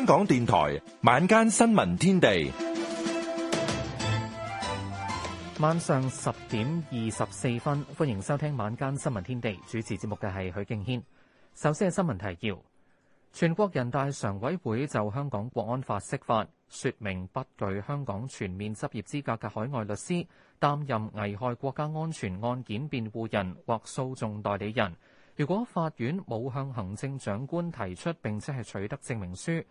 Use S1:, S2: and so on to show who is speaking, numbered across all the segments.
S1: 香
S2: 港電台晚間新聞天地，晚上十點二十四分，歡迎收聽晚間新聞天地。主持節目嘅係許敬軒。首先係新聞提要：全國人大常委會就香港國安法釋法，說明不具香港全面執業資格嘅海外律師擔任危害國家安全案件辯護人或訴訟代理人，如果法院冇向行政長官提出，並且係取得證明書。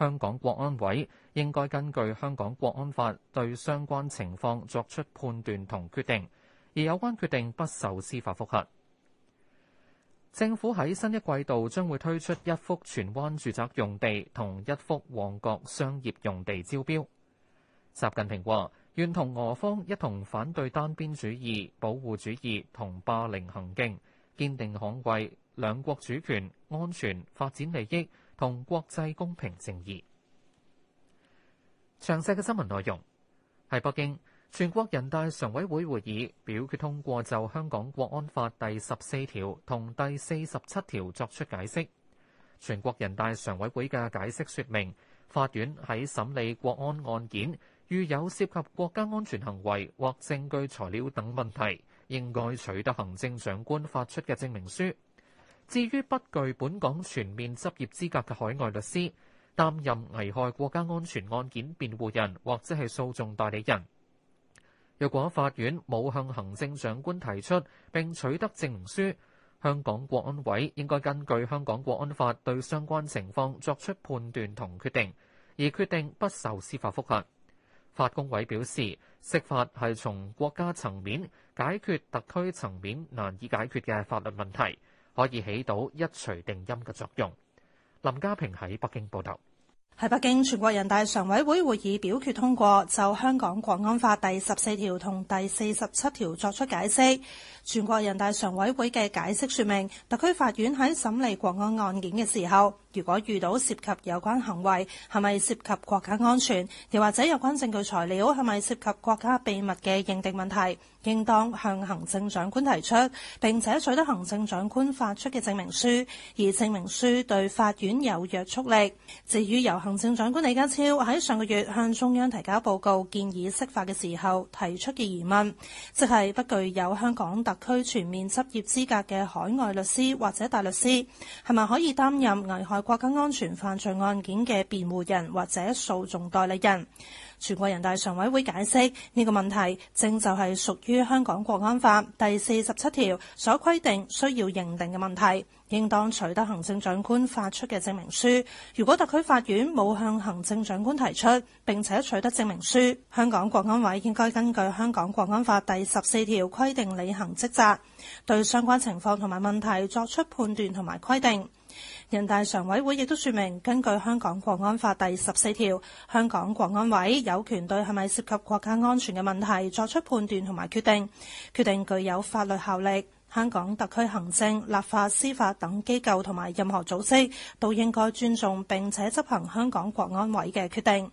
S2: 香港國安委應該根據香港國安法對相關情況作出判斷同決定，而有關決定不受司法覆核。政府喺新一季度將會推出一幅荃灣住宅用地同一幅旺角商業用地招標。習近平話：願同俄方一同反對單邊主義、保護主義同霸凌行徑，堅定捍衛兩國主權、安全、發展利益。同國際公平正義。詳細嘅新聞內容喺北京全國人大常委會會議表決通過就香港國安法第十四條同第四十七條作出解釋。全國人大常委會嘅解釋說明，法院喺審理國安案件，遇有涉及國家安全行為或證據材料等問題，應該取得行政長官發出嘅證明書。至於不具本港全面執業資格嘅海外律師，擔任危害國家安全案件辯護人或者係訴訟代理人，若果法院冇向行政長官提出並取得證明書，香港國安委應該根據香港國安法對相關情況作出判斷同決定，而決定不受司法覆核。法工委表示，釋法係從國家層面解決特區層面難以解決嘅法律問題。可以起到一錘定音嘅作用。林家平喺北京報道，
S3: 喺北京，全國人大常委會會議表決通過，就香港國安法第十四條同第四十七條作出解釋。全國人大常委會嘅解釋說明，特區法院喺審理國安案件嘅時候，如果遇到涉及有關行為，係咪涉及國家安全，又或者有關證據材料，係咪涉及國家秘密嘅認定問題，應當向行政長官提出，並且取得行政長官發出嘅證明書，而證明書對法院有約束力。至於由行政長官李家超喺上個月向中央提交報告建議釋法嘅時候提出嘅疑問，即係不具有香港特區全面執業資格嘅海外律師或者大律師，係咪可以擔任危害國家安全犯罪案件嘅辯護人或者訴訟代理人，全國人大常委會解釋呢個問題，正就係屬於香港國安法第四十七條所規定需要認定嘅問題，應當取得行政長官發出嘅證明書。如果特區法院冇向行政長官提出，並且取得證明書，香港國安委應該根據香港國安法第十四條規定履行職責，對相關情況同埋問題作出判斷同埋規定。人大常委會亦都說明，根據香港國安法第十四條，香港國安委有權對係咪涉及國家安全嘅問題作出判斷同埋決定，決定具有法律效力。香港特區行政、立法、司法等機構同埋任何組織都應該尊重並且執行香港國安委嘅決定。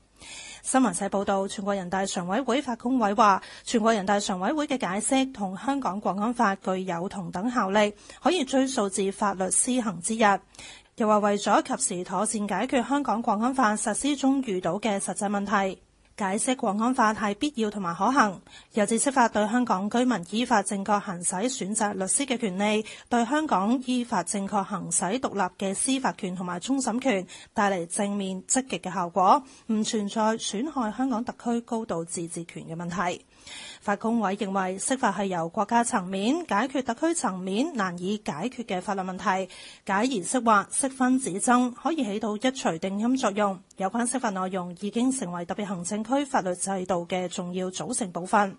S3: 新聞社報道，全國人大常委會法工委話，全國人大常委會嘅解釋同香港《國安法》具有同等效力，可以追溯至法律施行之日。又話為咗及時妥善解決香港《國安法》實施中遇到嘅實際問題。解釋《國安法》係必要同埋可行，又指釋法對香港居民依法正確行使選擇律師嘅權利，對香港依法正確行使獨立嘅司法權同埋終審權帶嚟正面積極嘅效果，唔存在損害香港特區高度自治權嘅問題。法工委認為，釋法係由國家層面解決特區層面難以解決嘅法律問題，解疑釋惑、定分止爭，可以起到一錘定音作用。有關釋法內容已經成為特別行政區法律制度嘅重要組成部分。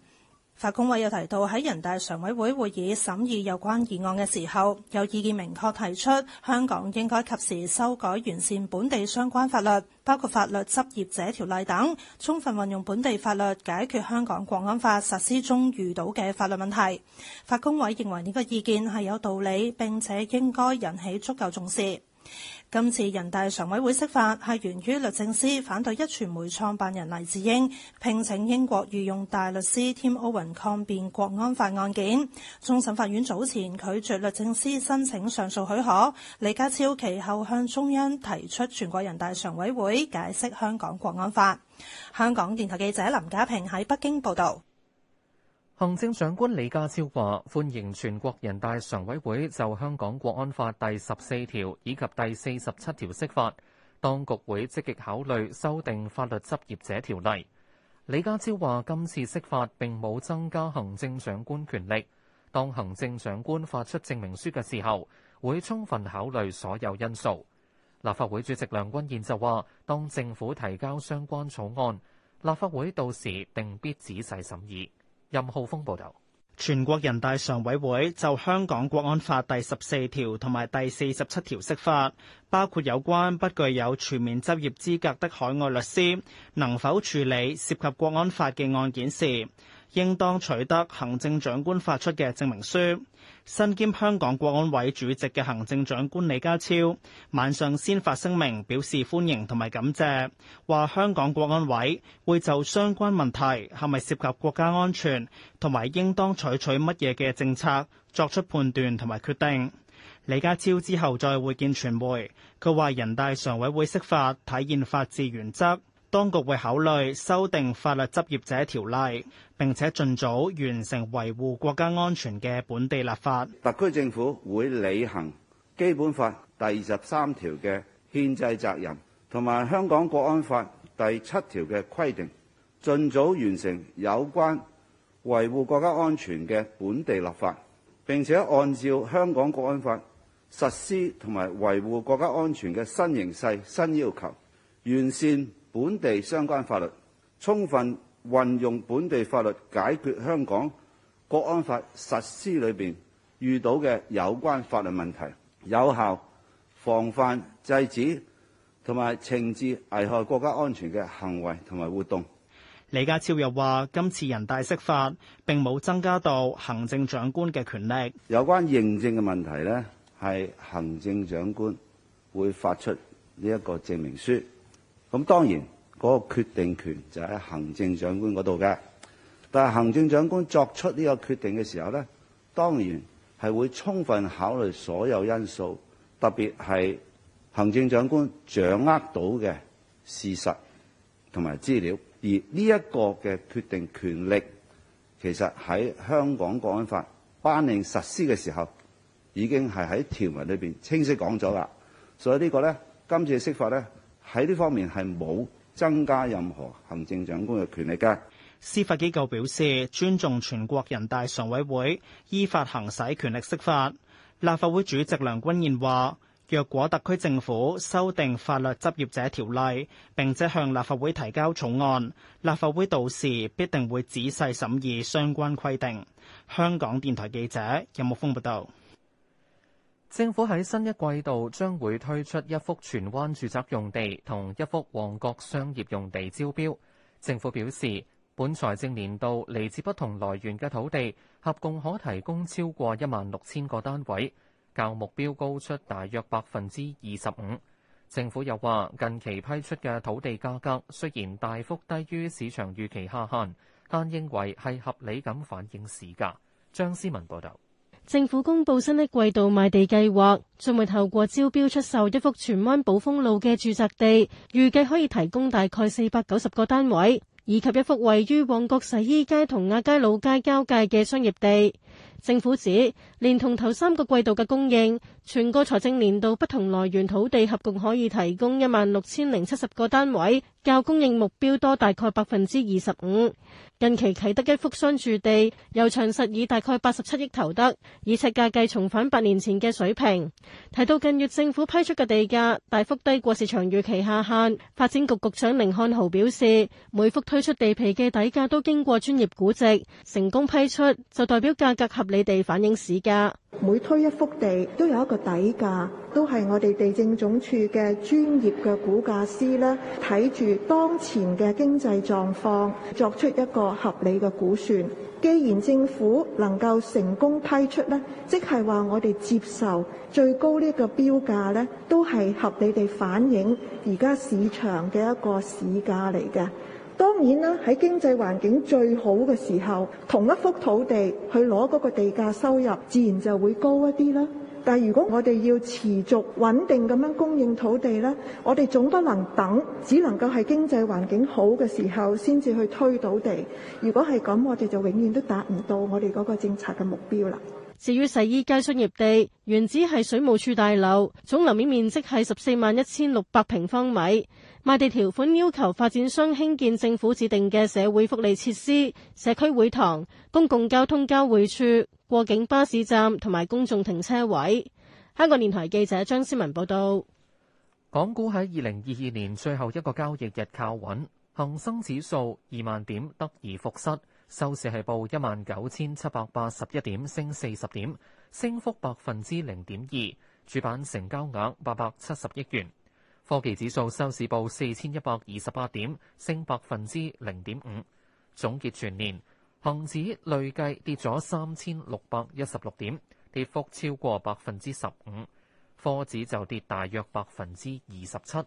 S3: 法工委又提到，喺人大常委會會議審議有關議案嘅時候，有意見明確提出香港應該及時修改完善本地相關法律，包括法律執業者條例等，充分運用本地法律解決香港國安法實施中遇到嘅法律問題。法工委認為呢個意見係有道理，並且應該引起足夠重視。今次人大常委會釋法係源於律政司反對一傳媒創辦人黎智英聘請英國御用大律師添歐文抗辯國安法案件。終審法院早前拒絕律政司申請上訴許可，李家超其後向中央提出全國人大常委會解釋香港國安法。香港電台記者林家平喺北京報道。
S2: 行政長官李家超話：歡迎全國人大常委會就香港國安法第十四條以及第四十七條釋法，當局會積極考慮修訂法律執業者條例。李家超話：今次釋法並冇增加行政長官權力。當行政長官發出證明書嘅時候，會充分考慮所有因素。立法會主席梁君彥就話：當政府提交相關草案，立法會到時定必仔細審議。
S4: 任浩峰報道，全國人大常委會就香港國安法第十四條同埋第四十七條釋法，包括有關不具有全面執業資格的海外律師能否處理涉及國安法嘅案件事。應當取得行政長官發出嘅證明書。身兼香港國安委主席嘅行政長官李家超晚上先發聲明表示歡迎同埋感謝，話香港國安委會就相關問題，係咪涉及國家安全同埋，應當採取乜嘢嘅政策作出判斷同埋決定。李家超之後再會見傳媒，佢話人大常委會釋法體現法治原則。當局會考慮修訂《法律執業者條例》，並且盡早完成維護國家安全嘅本地立法。
S5: 特區政府會履行《基本法》第二十三條嘅憲制責任，同埋《香港國安法》第七條嘅規定，盡早完成有關維護國家安全嘅本地立法，並且按照《香港國安法》實施同埋維護國家安全嘅新形勢、新要求，完善本地相關法律，充分運用本地法律解決香港《國安法》實施裏邊遇到嘅有關法律問題，有效防範制止同埋懲治危害國家安全嘅行為同埋活動。
S4: 李家超又話：今次人大釋法並冇增加到行政長官嘅權力。
S5: 有關認證嘅問題呢，係行政長官會發出呢一個證明書。咁當然，嗰個決定權就喺行政長官嗰度嘅。但係行政長官作出呢個決定嘅時候咧，當然係會充分考慮所有因素，特別係行政長官掌握到嘅事實同埋資料。而呢一個嘅決定權力，其實喺香港國安法頒令實施嘅時候，已經係喺條文裏邊清晰講咗啦。所以呢個咧，今次嘅釋法咧。喺呢方面係冇增加任何行政長官嘅權力嘅。
S4: 司法機構表示尊重全國人大常委會依法行使權力釋法。立法會主席梁君彥話，若果特區政府修訂法律執業者條例，並且向立法會提交草案，立法會到時必定會仔細審議相關規定。香港電台記者任木豐報道。政府喺新一季度將會推出一幅荃灣住宅用地同一幅旺
S2: 角商業用地招標。政府表示，本財政年度嚟自不同來源嘅土地合共可提供超過一萬六千個單位，較目標高出大約百分之二十五。政府又話，近期批出嘅土地價格雖然大幅低於市場預期下限，但認為係合理咁反映市價。張思文報道。
S6: 政府公佈新一季度賣地計劃，將會透過招標出售一幅荃灣寶豐路嘅住宅地，預計可以提供大概四百九十個單位，以及一幅位於旺角洗衣街同亞皆老街交界嘅商業地。政府指，連同頭三個季度嘅供應，全個財政年度不同來源土地合共可以提供一萬六千零七十個單位，較供應目標多大概百分之二十五。近期啟德一幅商住地由長實以大概八十七億投得，以尺價計重返八年前嘅水平。提到近月政府批出嘅地價大幅低過市場預期下限，發展局局長甯漢豪表示，每幅推出地皮嘅底價都經過專業估值，成功批出就代表價格合理地反映市價。
S7: 每推一幅地都有一個底價都係我哋地政總署嘅專業嘅估價師咧，睇住當前嘅經濟狀況，作出一個合理嘅估算。既然政府能夠成功批出咧，即係話我哋接受最高呢個標價咧，都係合理地反映而家市場嘅一個市價嚟嘅。當然啦，喺經濟環境最好嘅時候，同一幅土地去攞嗰個地價收入，自然就會高一啲啦。但如果我哋要持續穩定咁樣供應土地咧，我哋總不能等，只能夠係，經濟環境好嘅時候先至去推到地。如果係咁，我哋就永遠都達唔到我哋嗰個政策嘅目標啦。
S6: 至於洗衣街商業地原址係水務處大樓，總樓面面積係十四萬一千六百平方米。賣地條款要求發展商興建政府指定嘅社會福利設施、社區會堂、公共交通交匯處、過境巴士站同埋公眾停車位。香港電台記者張思文報道。
S2: 港股喺二零二二年最後一個交易日靠穩，恒生指數二萬點得而復失。收市係報一萬九千七百八十一點，升四十點，升幅百分之零點二。主板成交額八百七十億元。科技指數收市報四千一百二十八點，升百分之零點五。總結全年，恒指累計跌咗三千六百一十六點，跌幅超過百分之十五。科指就跌大約百分之二十七。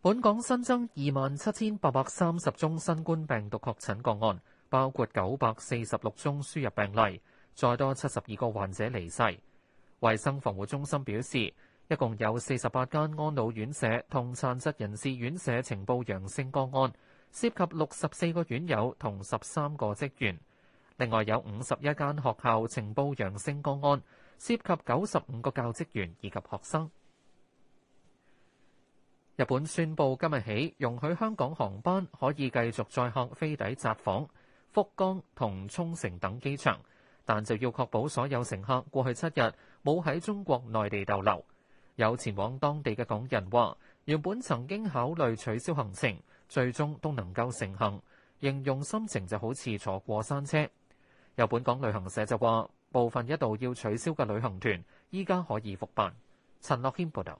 S2: 本港新增二萬七千八百三十宗新冠病毒確診個案，包括九百四十六宗輸入病例，再多七十二個患者離世。衛生防護中心表示，一共有四十八間安老院舍同殘疾人士院舍呈報陽性個案，涉及六十四個院友同十三個職員。另外有五十一間學校呈報陽性個案，涉及九十五個教職員以及學生。日本宣布今日起容許香港航班可以繼續載客飛抵札幌、福岡同沖繩等機場，但就要確保所有乘客過去七日冇喺中國內地逗留。有前往當地嘅港人話原本曾經考慮取消行程，最終都能夠成行，形容心情就好似坐過山車。有本港旅行社就話部分一度要取消嘅旅行團依家可以復辦。陳樂謙報道。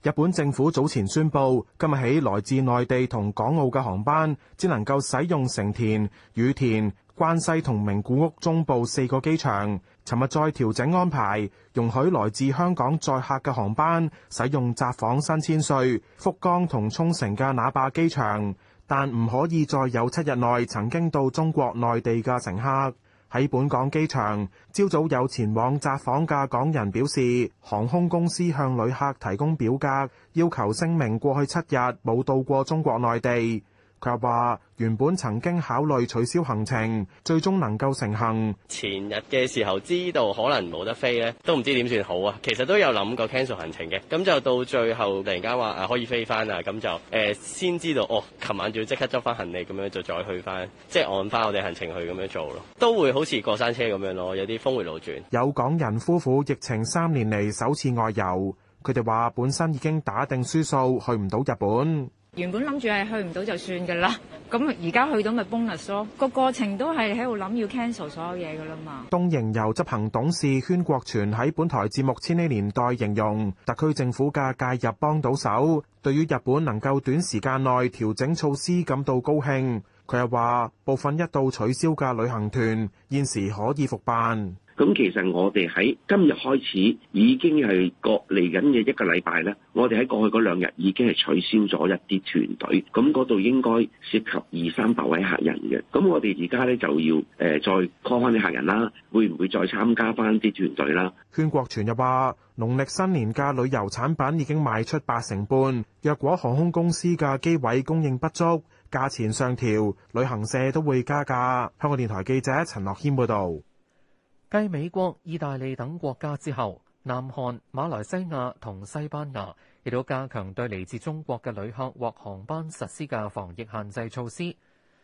S1: 日本政府早前宣布，今日起來自內地同港澳嘅航班只能夠使用成田、羽田、關西同名古屋中部四個機場。尋日再調整安排，容許來自香港載客嘅航班使用札幌、新千歲、福岡同沖繩嘅那霸機場，但唔可以再有七日內曾經到中國內地嘅乘客。喺本港機場，朝早有前往札幌嘅港人表示，航空公司向旅客提供表格，要求聲明過去七日冇到過中國內地。佢又話：原本曾經考慮取消行程，最終能夠成行。
S4: 前日嘅時候知道可能冇得飛咧，都唔知點算好啊。其實都有諗過 cancel 行程嘅，咁就到最後突然間話誒可以飛翻啊，咁就誒先知道哦。琴晚仲要即刻執翻行李，咁樣就再去翻，即係按翻我哋行程去咁樣做咯。都會好似過山車咁樣咯，有啲峰回路轉。
S1: 有港人夫婦疫情三年嚟首次外遊，佢哋話本身已經打定輸數，去唔到日本。
S7: 原本諗住係去唔到就算嘅啦，咁而家去到咪 bonus 咯。個過程都係喺度諗要 cancel 所有嘢嘅啦嘛。
S1: 東瀛遊執行董事禤國全喺本台節目《千禧年代》形容，特區政府嘅介入幫到手，對於日本能夠短時間內調整措施感到高興。佢又話，部分一度取消嘅旅行團現時可以復辦。
S8: 咁其實我哋喺今日開始已經係過嚟緊嘅一個禮拜呢，我哋喺過去嗰兩日已經係取消咗一啲團隊，咁嗰度應該涉及二三百位客人嘅。咁我哋而家呢，就要誒再 call 翻啲客人啦，會唔會再參加翻啲團隊啦？
S1: 宣國全又話，農曆新年假旅遊產品已經賣出八成半。若果航空公司嘅機位供應不足，價錢上調，旅行社都會加價。香港電台記者陳樂軒報導。
S2: 繼美國、意大利等國家之後，南韓、馬來西亞同西班牙亦都加強對嚟自中國嘅旅客或航班實施嘅防疫限制措施。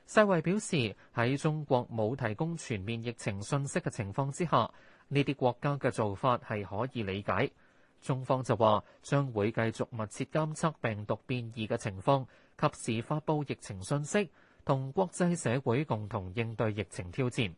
S2: 世衛表示，喺中國冇提供全面疫情信息嘅情況之下，呢啲國家嘅做法係可以理解。中方就話將會繼續密切監測病毒變異嘅情況，及時發布疫情信息，同國際社會共同應對疫情挑戰。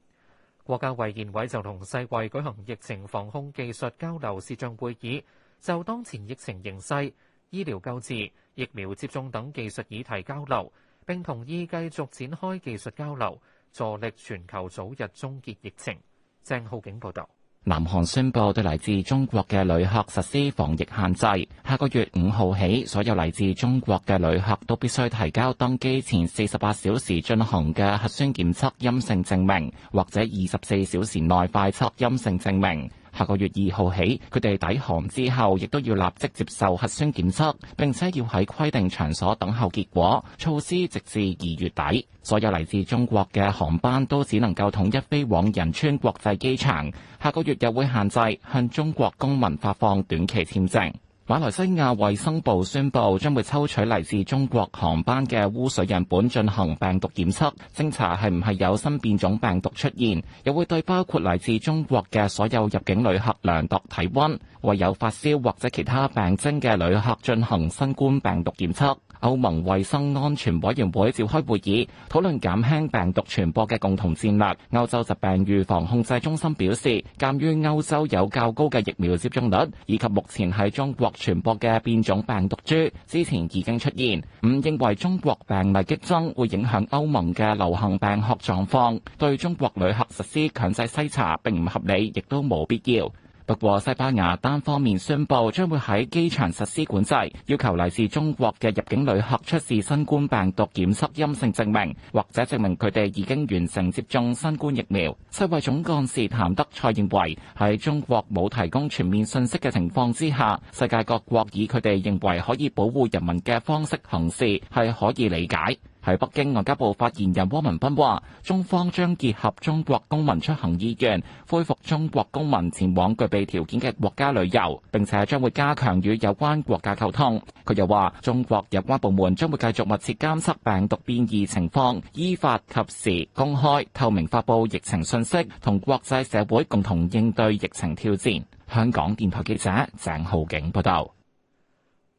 S2: 國家衛健委就同世衛舉行疫情防控技術交流視像會議，就當前疫情形勢、醫療救治、疫苗接種等技術議題交流，並同意繼續展開技術交流，助力全球早日終結疫情。鄭浩景報道。
S8: 南韓宣布對來自中國嘅旅客實施防疫限制，下個月五號起，所有嚟自中國嘅旅客都必須提交登機前四十八小時進行嘅核酸檢測陰性證明，或者二十四小時內快測陰性證明。下個月二號起，佢哋抵韓之後，亦都要立即接受核酸檢測，並且要喺規定場所等候結果。措施直至二月底，所有嚟自中國嘅航班都只能夠統一飛往仁川國際機場。下個月又會限制向中國公民發放短期簽證。馬來西亞衛生部宣布，將會抽取嚟自中國航班嘅污水樣本進行病毒檢測，偵查係唔係有新變種病毒出現，又會對包括嚟自中國嘅所有入境旅客量度體溫，為有發燒或者其他病徵嘅旅客進行新冠病毒檢測。歐盟衛生安全委員會召開會議，討論減輕病毒傳播嘅共同戰略。歐洲疾病預防控制中心表示，鑑於歐洲有較高嘅疫苗接種率，以及目前喺中國傳播嘅變種病毒株之前已經出現，唔認為中國病例激增會影響歐盟嘅流行病學狀況。對中國旅客實施強制篩查並唔合理，亦都冇必要。不過西班牙單方面宣布將會喺機場實施管制，要求嚟自中國嘅入境旅客出示新冠病毒檢測陰性證明，或者證明佢哋已經完成接種新冠疫苗。世衛總幹事譚德塞認為喺中國冇提供全面信息嘅情況之下，世界各國以佢哋認為可以保護人民嘅方式行事係可以理解。喺北京外交部發言人汪文斌話，中方將結合中國公民出行意願，恢復中國公民前往具備條件嘅國家旅遊，並且將會加強與有關國家溝通。佢又話，中國有關部門將會繼續密切監測病毒變異情況，依法、及時、公開透明發布疫情信息，同國際社會共同應對疫情挑戰。香港電台記者鄭浩景報道。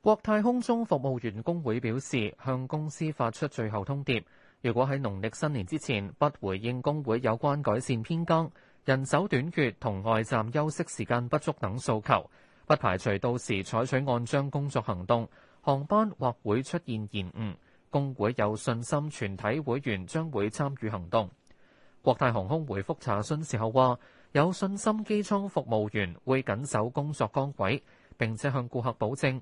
S2: 國泰空中服務員工會表示，向公司發出最後通牒，如果喺農曆新年之前不回應工會有關改善編更、人手短缺同外站休息時間不足等訴求，不排除到時採取按章工作行動，航班或會出現延誤。工會有信心，全體會員將會參與行動。國泰航空回覆查詢時候話，有信心機艙服務員會緊守工作崗位，並且向顧客保證。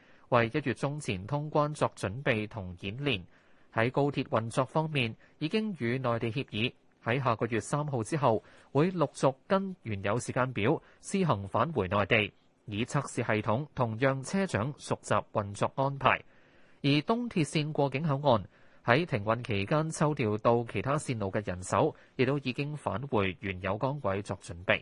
S2: 1> 為一月中前通關作準備同演練，喺高鐵運作方面已經與內地協議，喺下個月三號之後會陸續跟原有時間表施行返回內地，以測試系統，同樣車長熟習運作安排。而東鐵線過境口岸喺停運期間抽調到其他線路嘅人手，亦都已經返回原有崗位作準備。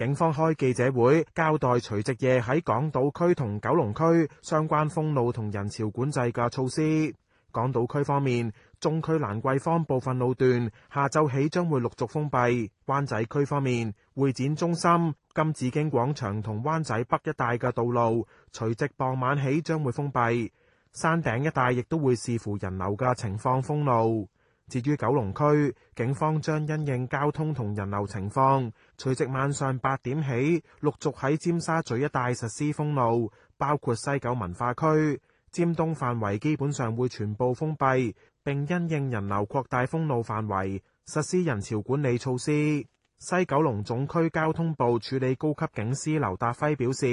S1: 警方開記者會，交代除夕夜喺港島區同九龍區相關封路同人潮管制嘅措施。港島區方面，中區蘭桂坊部分路段下晝起將會陸續封閉；灣仔區方面，會展中心、金紫荊廣場同灣仔北一帶嘅道路，除夕傍晚起將會封閉。山頂一帶亦都會視乎人流嘅情況封路。至於九龍區，警方將因應交通同人流情況，隨即晚上八點起，陸續喺尖沙咀一帶實施封路，包括西九文化區、尖東範圍基本上會全部封閉。並因應人流擴大封路範圍，實施人潮管理措施。西九龍總區交通部處理高級警司劉達輝表示，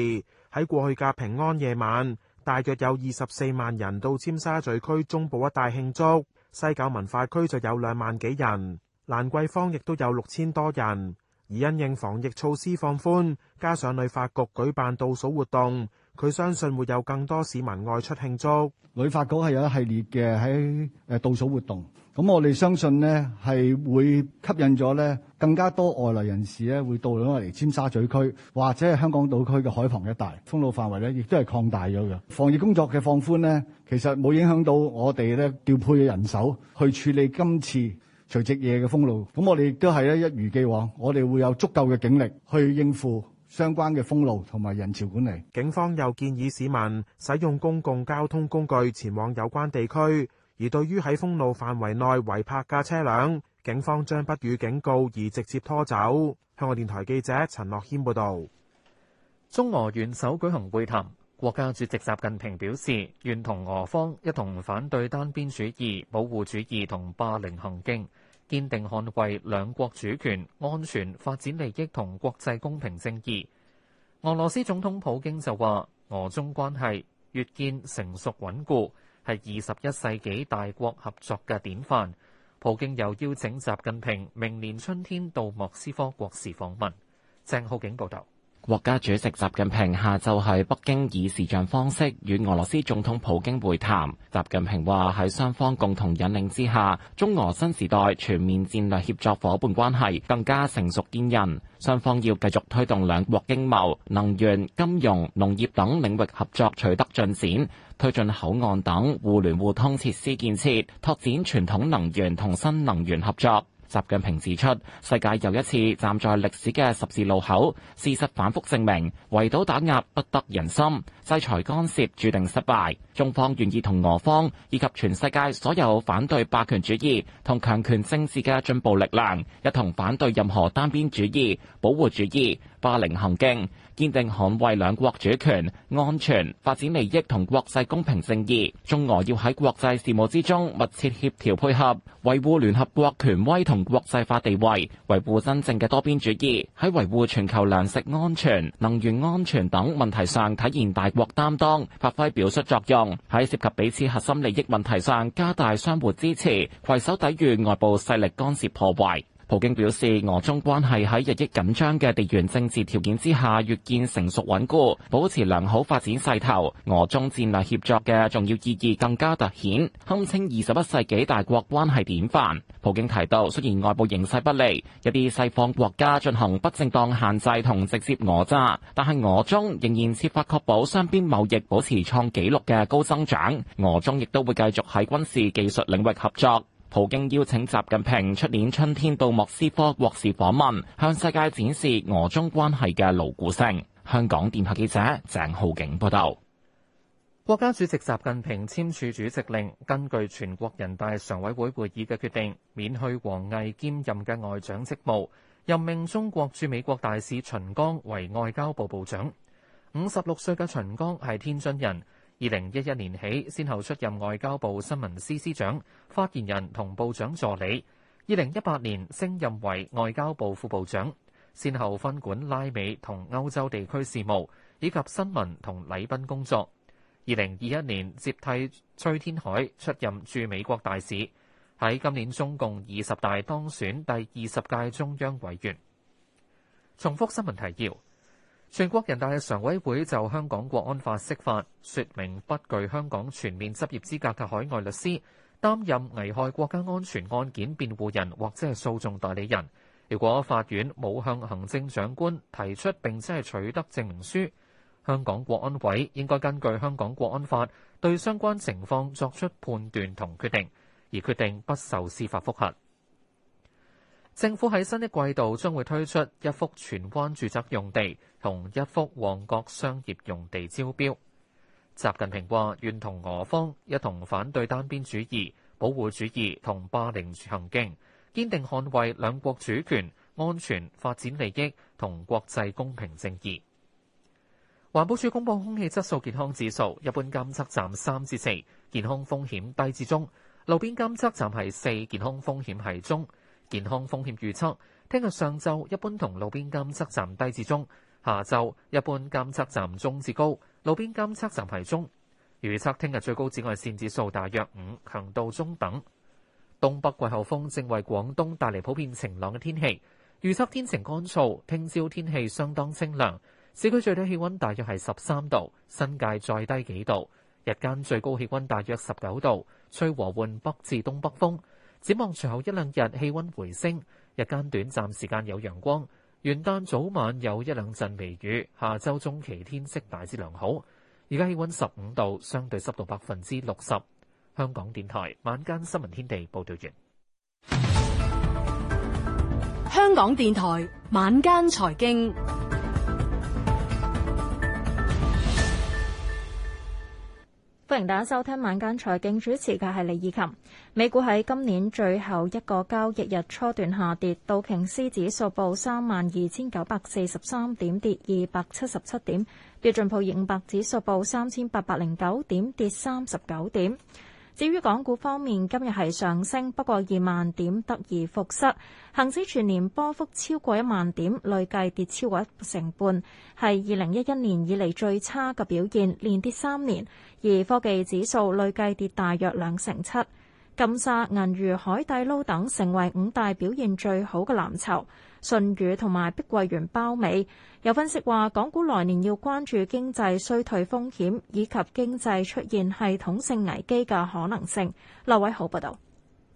S1: 喺過去嘅平安夜晚，大約有二十四萬人到尖沙咀區中部一帶慶祝。西九文化區就有兩萬幾人，蘭桂坊亦都有六千多人，而因應防疫措施放寬，加上旅發局舉辦倒數活動。佢相信會有更多市民外出慶祝。旅發
S5: 局係有一系列嘅喺誒倒數活動，咁我哋相信咧係會吸引咗咧更加多外來人士咧會到咗嚟尖沙咀區或者係香港島區嘅海旁一帶封路範圍咧，亦都係擴大咗嘅。防疫工作嘅放寬咧，其實冇影響到我哋咧調配嘅人手去處理今次除夕夜嘅封路。咁我哋亦都係咧一如既往，我哋會有足夠嘅警力去應付。相關嘅封路同埋人潮管理，
S1: 警方又建議市民使用公共交通工具前往有關地區。而對於喺封路範圍內違泊嘅車輛，警方將不予警告而直接拖走。香港電台記者陳樂軒報導。中俄元首舉行會談，國家主席習近平表示，願同俄方
S2: 一同反對單邊主義、保護主義同霸凌行徑。堅定捍衛兩國主權、安全、發展利益同國際公平正義。俄羅斯總統普京就話俄中關係越見成熟穩固，係二十一世紀大國合作嘅典範，普京又邀請習近平明年春天到莫斯科國事訪問。鄭浩景報道。
S8: 國家主席習近平下晝喺北京以視像方式與俄羅斯總統普京會談。習近平話，喺雙方共同引領之下，中俄新時代全面戰略協作伙伴關係更加成熟堅韌。雙方要繼續推動兩國經貿、能源、金融、農業等領域合作取得進展，推進口岸等互聯互通設施建設，拓展傳統能源同新能源合作。習近平指出，世界又一次站在歷史嘅十字路口。事實反復證明，圍堵打壓不得人心，制裁干涉注定失敗，中方願意同俄方以及全世界所有反對霸權主義同強權政治嘅進步力量，一同反對任何單邊主義保護主義，霸凌行徑，堅定捍衞兩國主權、安全、發展利益同國際公平正義。中俄要喺國際事務之中密切協調配合，維護聯合國權威同國際法地位，維護真正嘅多邊主義。喺維護全球糧食安全、能源安全等問題上，體現大國擔當，發揮表率作用。喺涉及彼此核心利益問題上，加大相互支持，攜手抵禦外部勢力干涉破壞。普京表示，俄中關係喺日益緊張嘅地緣政治條件之下越見成熟穩固，保持良好發展勢頭。俄中戰略協作嘅重要意義更加凸顯，堪稱二十一世紀大國關係典範。普京提到，雖然外部形勢不利，一啲西方國家進行不正當限制同直接訛詐，但係俄中仍然設法確保雙邊貿易保持創紀錄嘅高增長。俄中亦都會繼續喺軍事技術領域合作。普京邀請習近平出年春天到莫斯科國事訪問，向世界展示俄中關係嘅牢固性。香港電台記者鄭浩景報道。
S2: 國家主席習近平簽署主席令，根據全國人大常委會會議嘅決定，免去王毅兼任嘅外長職務，任命中國駐美國大使秦剛為外交部部長。五十六歲嘅秦剛係天津人。二零一一年起，先後出任外交部新聞司司長、發言人同部長助理。二零一八年升任為外交部副部長，先後分管拉美同歐洲地區事務以及新聞同禮賓工作。二零二一年接替崔天海出任駐美國大使。喺今年中共二十大當選第二十屆中央委員，重複新聞提要。全國人大常委會就香港國安法釋法，說明不具香港全面執業資格嘅海外律師擔任危害國家安全案件辯護人或者係訴訟代理人，如果法院冇向行政長官提出並且係取得證明書，香港國安委應該根據香港國安法對相關情況作出判斷同決定，而決定不受司法複核。政府喺新一季度將會推出一幅荃灣住宅用地，同一幅旺角商業用地招標。習近平話：願同俄方一同反對單邊主義、保護主義同霸凌行徑，堅定捍衞兩國主權、安全、發展利益同國際公平正義。環保署公布空氣質素健康指數，一般監測站三至四，健康風險低至中；路邊監測站係四，健康風險係中。健康風險預測：聽日上晝一般同路邊監測站低至中，下晝一般監測站中至高，路邊監測站係中。預測聽日最高紫外線指數大約五，強度中等。東北季候風正為廣東帶嚟普遍晴朗嘅天氣，預測天晴乾燥，聽朝天氣相當清涼。市區最低氣温大約係十三度，新界再低幾度。日間最高氣温大約十九度，吹和緩北至東北風。展望隨後一兩日氣温回升，日間短暫時間有陽光。元旦早晚有一兩陣微雨，下周中期天色大致良好。而家氣温十五度，相對濕度百分之六十。香港電台晚間新聞天地報道完。
S6: 香港電台晚間財經。
S7: 歡迎大家收聽晚間財經，主持嘅係李以琴。美股喺今年最後一個交易日初段下跌，道瓊斯指數報三萬二千九百四十三點，跌二百七十七點；標準普爾五百指數報三千八百零九點，跌三十九點。至於港股方面，今日係上升，不過二萬點得而復失，恆指全年波幅超過一萬點，累計跌超過一成半，係二零一一年以嚟最差嘅表現，連跌三年。而科技指數累計跌大約兩成七，金沙、銀娛、海底撈等成為五大表現最好嘅藍籌，信義同埋碧桂園包尾。有分析話，港股來年要關注經濟衰退風險以及經濟出現系統性危機嘅可能性。劉偉豪報道。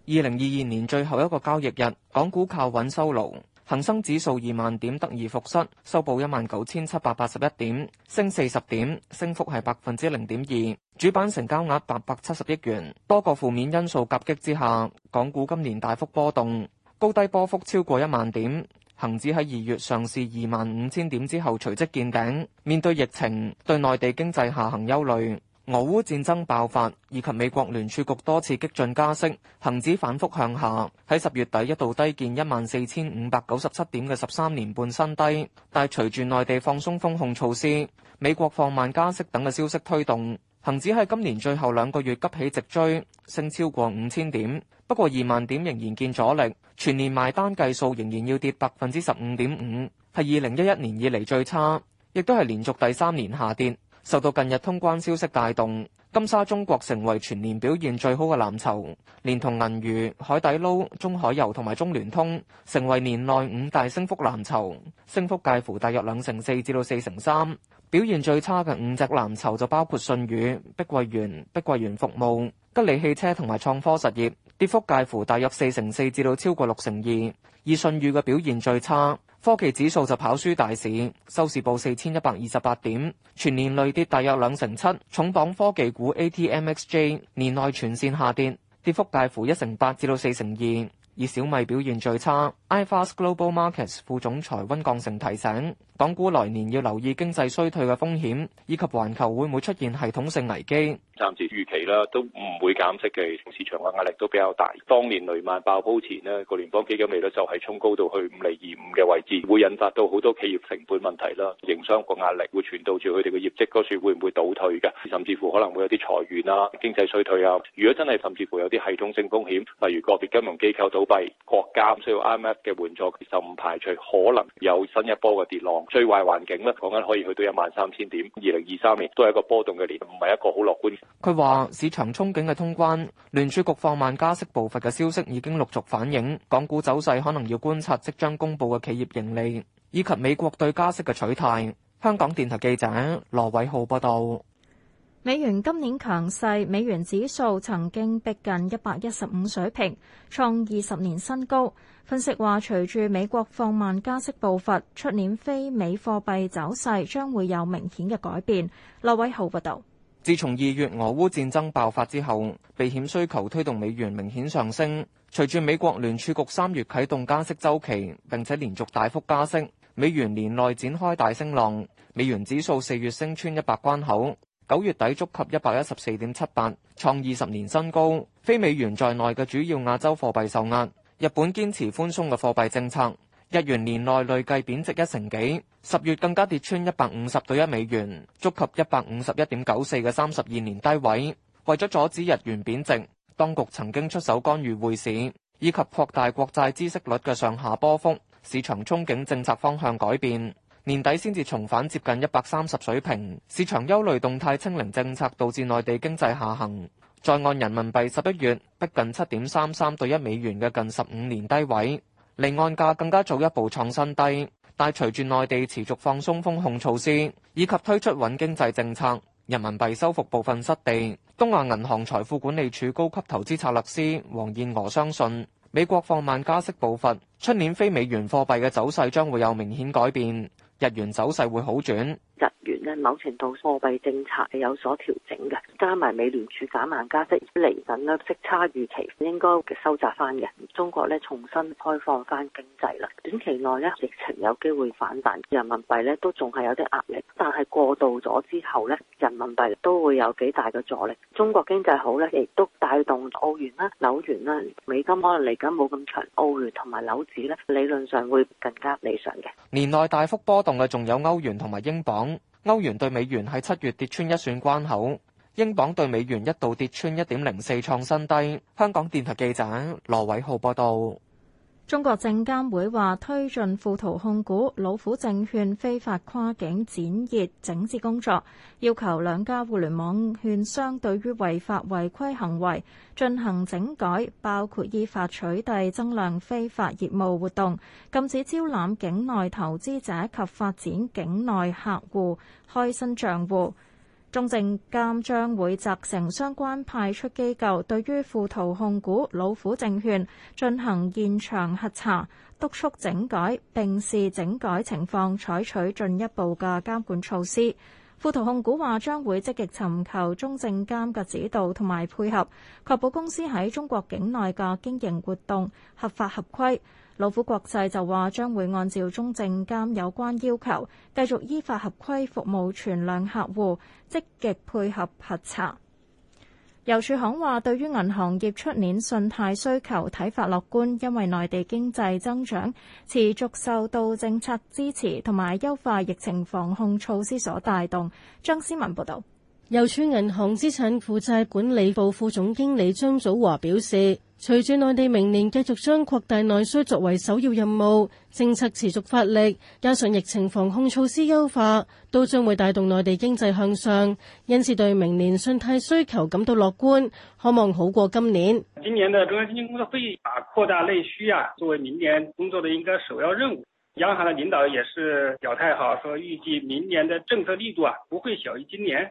S9: 二零二二年最後一個交易日，港股靠穩收爐，恒生指數二萬點得而復失，收報一萬九千七百八十一點，升四十點，升幅係百分之零點二。主板成交額八百七十億元。多個負面因素夾擊之下，港股今年大幅波動，高低波幅超過一萬點。恒指喺二月上市二萬五千點之後隨即見頂，面對疫情對內地經濟下行憂慮，俄烏戰爭爆發以及美國聯儲局多次激進加息，恒指反覆向下，喺十月底一度低見一萬四千五百九十七點嘅十三年半新低，但隨住內地放鬆封控措施、美國放慢加息等嘅消息推動。恒指喺今年最後兩個月急起直追，升超過五千點。不過二萬點仍然見阻力，全年埋單計數仍然要跌百分之十五點五，係二零一一年以嚟最差，亦都係連續第三年下跌。受到近日通關消息帶動，金沙中國成為全年表現最好嘅藍籌，連同銀娛、海底撈、中海油同埋中聯通，成為年內五大升幅藍籌，升幅介乎大約兩成四至到四成三。表現最差嘅五隻藍籌就包括信義、碧桂園、碧桂園服務、吉利汽車同埋創科實業，跌幅介乎大約四成四至到超過六成二。而信義嘅表現最差，科技指數就跑輸大市，收市報四千一百二十八點，全年累跌大約兩成七。重磅科技股 A T M X J 年內全線下跌，跌幅介乎一成八至到四成二。以小米表現最差，iFast Global Markets 副總裁温降成提醒，港股來年要留意經濟衰退嘅風險，以及環球會唔會出現系統性危機。
S5: 暫時預期啦，都唔會
S8: 減息嘅，市場嘅壓力都比較大。當年雷曼爆煲前咧，個聯邦基金利率就係衝高到去五厘二五嘅位置，會引發到好多企業成本問題啦，營商個壓力會傳導住佢哋嘅業績嗰時會唔會倒退嘅，甚至乎可能會有啲裁員啊、經濟衰退啊。如果真係甚至乎有啲系統性風險，例如個別金融機構度，倒閉，國家需要 IMF 嘅援助，就唔排除可能有新一波嘅跌浪，最壞環境呢，講緊可以去到一萬三千點，二零二三年都係一個波動嘅年，唔係一個好樂觀。
S9: 佢話市場憧憬嘅通關、聯儲局放慢加息步伐嘅消息已經陸續反映，港股走勢可能要觀察即將公布嘅企業盈利以及美國對加息嘅取態。香港電台記者羅偉浩報道。
S7: 美元今年強勢，美元指數曾經逼近一百一十五水平，創二十年新高。分析話，隨住美國放慢加息步伐，出年非美貨幣走勢將會有明顯嘅改變。劉偉豪報道。
S9: 自從二月俄烏戰爭爆發之後，避險需求推動美元明顯上升。隨住美國聯儲局三月啟動加息周期，並且連續大幅加息，美元年內展開大升浪，美元指數四月升穿一百關口。九月底觸及一百一十四點七八，創二十年新高。非美元在內嘅主要亞洲貨幣受壓。日本堅持寬鬆嘅貨幣政策，日元年內累計貶值一成幾，十月更加跌穿一百五十兌一美元，觸及一百五十一點九四嘅三十二年低位。為咗阻止日元貶值，當局曾經出手干預匯市，以及擴大國債孳息率嘅上下波幅。市場憧憬政策方向改變。年底先至重返接近一百三十水平，市場憂慮動態清零政策導致內地經濟下行。在岸人民幣十一月逼近七點三三對一美元嘅近十五年低位，離岸價更加早一步創新低。但隨住內地持續放鬆風控措施，以及推出穩經濟政策，人民幣收復部分失地。東亞銀行財富管理處高級投資策略師黃燕娥相信，美國放慢加息步伐，出年非美元貨幣嘅走勢將會有明顯改變。日元走勢會好轉。日
S7: 元咧，某程度貨幣政策係有所調整嘅，加埋美聯儲減慢加息嚟緊呢，息差預期應該收窄翻嘅。中國咧重新開放翻經濟啦，短期內咧疫情有機會反彈，人民幣咧都仲係有啲壓力，但係過渡咗之後咧，人民幣都會有幾大嘅助力。中國經濟好咧，亦都帶動澳元啦、紐元啦、美金可能嚟緊冇咁強，澳元同埋紐指咧理論上會更加理想嘅。
S9: 年內大幅波動嘅仲有歐元同埋英鎊。歐元對美元喺七月跌穿一線關口，英鎊對美元一度跌穿一點零四創新低。香港電台記者羅偉浩報道。
S7: 中國證監會話推進富途控股、老虎證券非法跨境展業整治工作，要求兩家互聯網券商對於違法違規行為進行整改，包括依法取締增量非法業務活動，禁止招攬境內投資者及發展境內客戶開新賬戶。中證監將會責成相關派出機構對於富途控股、老虎證券進行現場核查，督促整改，並視整改情況採取進一步嘅監管措施。富途控股話將會積極尋求中證監嘅指導同埋配合，確保公司喺中國境內嘅經營活動合法合規。老虎國際就話將會按照中證監有關要求，繼續依法合規服務存量客戶，積極配合核查。郵儲行話對於銀行業出年信貸需求睇法樂觀，因為內地經濟增長持續受到政策支持同埋優化疫情防控措施所帶動。
S6: 張思文報道。郵儲銀行資產負債管理部副總經理張祖華表示，隨住內地明年繼續將擴大內需作為首要任務，政策持續發力，加上疫情防控措施優化，都將會帶動內地經濟向上，因此對明年信貸需求感到樂觀，可望好過今年。
S2: 今年的中央經濟工作會議把、啊、擴大內需啊作為明年工作的
S4: 一個首要任務，央行的領導也是表態好，說預計明年的政策力度啊不會小於今年。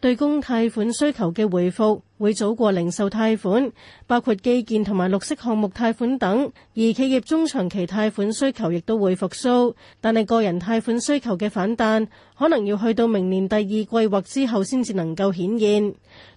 S6: 對公貸款需求嘅回復會早過零售貸款，包括基建同埋綠色項目貸款等。而企業中長期貸款需求亦都會復甦，但係個人貸款需求嘅反彈可能要去到明年第二季或之後先至能夠顯現。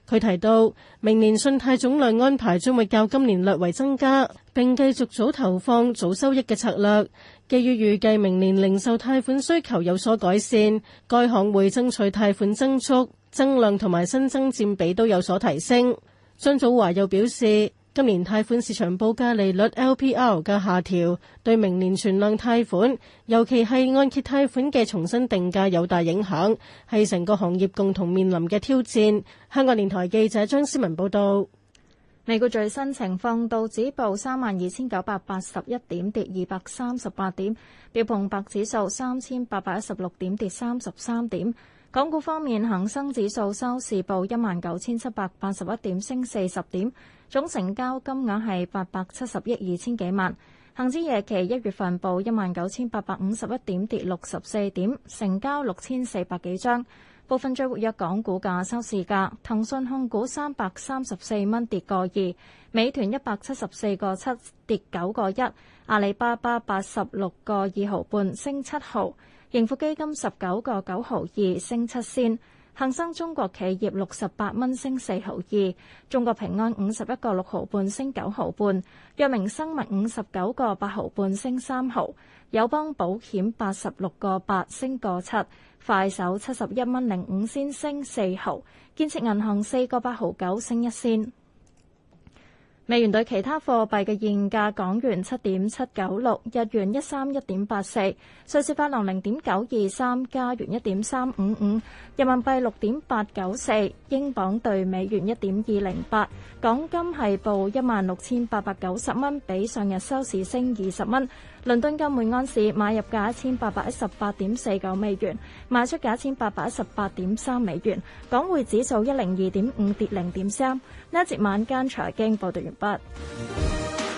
S6: 佢提到，明年信貸總量安排將會較今年略為增加，並繼續早投放、早收益嘅策略。基於預計明年零售貸款需求有所改善，該行會爭取貸款增速。增量同埋新增佔比都有所提升。張祖華又表示，今年貸款市場報價利率 LPR 嘅下調對明年存量貸款，尤其係按揭貸款嘅重新定價有大影響，係成個行業共同面臨嘅挑戰。香港電台記者張思文報道。美股最新情況，道指報三萬二千九百八十一點跌二百三十八點，標
S7: 普百指數三千八百一十六點跌三十三點。港股方面，恒生指數收市報一萬九千七百八十一點升四十點，總成交金額係八百七十億二千幾萬。恒指夜期一月份報一萬九千八百五十一點跌六十四點，成交六千四百幾張。部分最活躍港股價收市價，騰訊控股三百三十四蚊跌過二，美團一百七十四個七跌九個一，阿里巴巴八十六個二毫半升七毫。盈富基金十九個九毫二升七仙，恒生中國企業六十八蚊升四毫二，中國平安五十一個六毫半升九毫半，藥明生物五十九個八毫半升三毫，友邦保險八十六個八升個七，快手七十一蚊零五仙升四毫，建設銀行四個八毫九升一仙。美元兌其他貨幣嘅現價：港元七點七九六，日元一三一點八四，瑞士法郎零點九二三，加元一點三五五，人民幣六點八九四，英鎊對美元一點二零八。港金係報一萬六千八百九十蚊，比上日收市升二十蚊。倫敦金每安士買入價一千八百一十八點四九美元，賣出價一千八百一十八點三美元。港匯指數一零二點五跌零點三。呢一節晚間財經報道完畢。